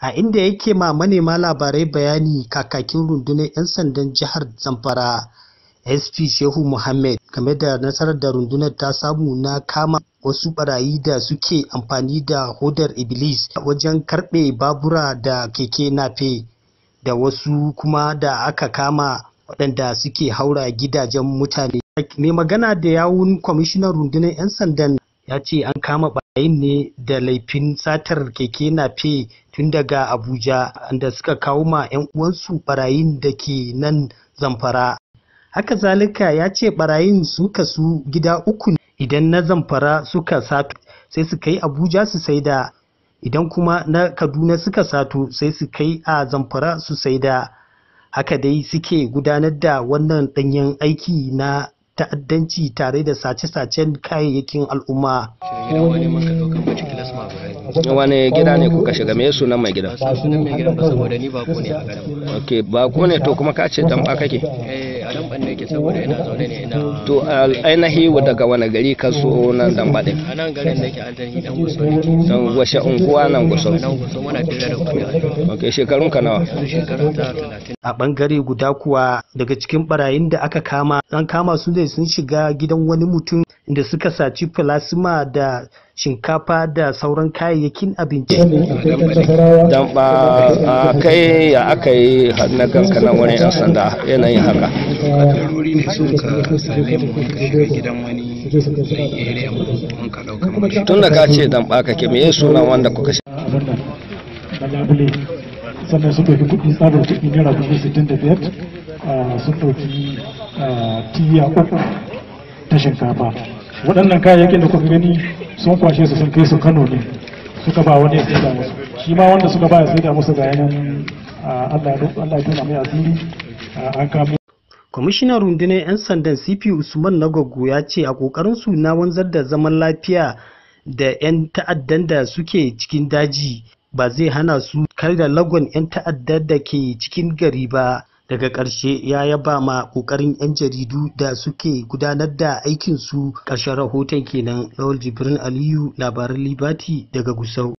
a inda yake ma manema labarai bayani kakakin rundunar 'yan sandan jihar zamfara sp shehu muhammad game da nasarar da rundunar ta samu na kama wasu barayi da suke amfani da hodar iblis wajen karbe babura da keke nafe da wasu kuma da aka kama waɗanda suke haura gidajen mutane mai magana da yawun kwamishinan rundunar 'yan sandan ya ce an kama barayin ne da laifin satar keke nafe tun daga abuja da suka kawo ma 'yan uwansu barayin da ke nan zamfara haka zalika ya ce barayin su kasu gida uku idan na zamfara suka sato sai su kai abuja su saida idan kuma na kaduna suka sato sai su kai a zamfara su saida haka dai suke gudanar da wannan danyen aiki na ta'addanci tare da sace-sacen kayayyakin al'umma. wani gida ne kuka shiga mai gidan sunan mai gidan ba saboda ne to kuma ka ce dan ba kake eh a to ainihi daga wani gari ka so nan dan ba din a garin nake dan guso dan washe unguwa nan guso nan guso muna shekarun ka nawa a bangare guda kuwa daga cikin barayin da aka kama an kama su ne sun shiga gidan wani mutum da suka saci plasma da shinkafa da sauran kayayyakin abinci. Dan ba a kai ya aka yi na kankanan wani 'yan sanda yanayin haka. Kadarori ne sun ka same mu shiga gidan wani mu mun ka ɗauka Tun da ka ce dan ba kemi me sunan wanda kuka shi. sannan suka yi kudin tsabar kuɗi naira dubu sittin da biyar ah, sun ɗauki ah, tiya uku ta shinkafa waɗannan kayayyakin da kuka gani sun kwashe su sun kai su kano ne suka ba wani ya saida musu shi ma wanda suka ba ya saida musu ga yanan allah ya tuna mai asiri an kamo kwamishinan rundunar 'yan sandan cp usman nagogo ya ce a kokarin su na wanzar da zaman lafiya da 'yan ta'addan da suke cikin daji ba zai hana su kar da lagon 'yan ta'addar da ke cikin gari ba daga ƙarshe ya yaba ma ƙoƙarin 'yan jaridu da suke gudanar da aikin su ƙarshen rahoton kenan lawal jibrin aliyu labaran liberty daga gusau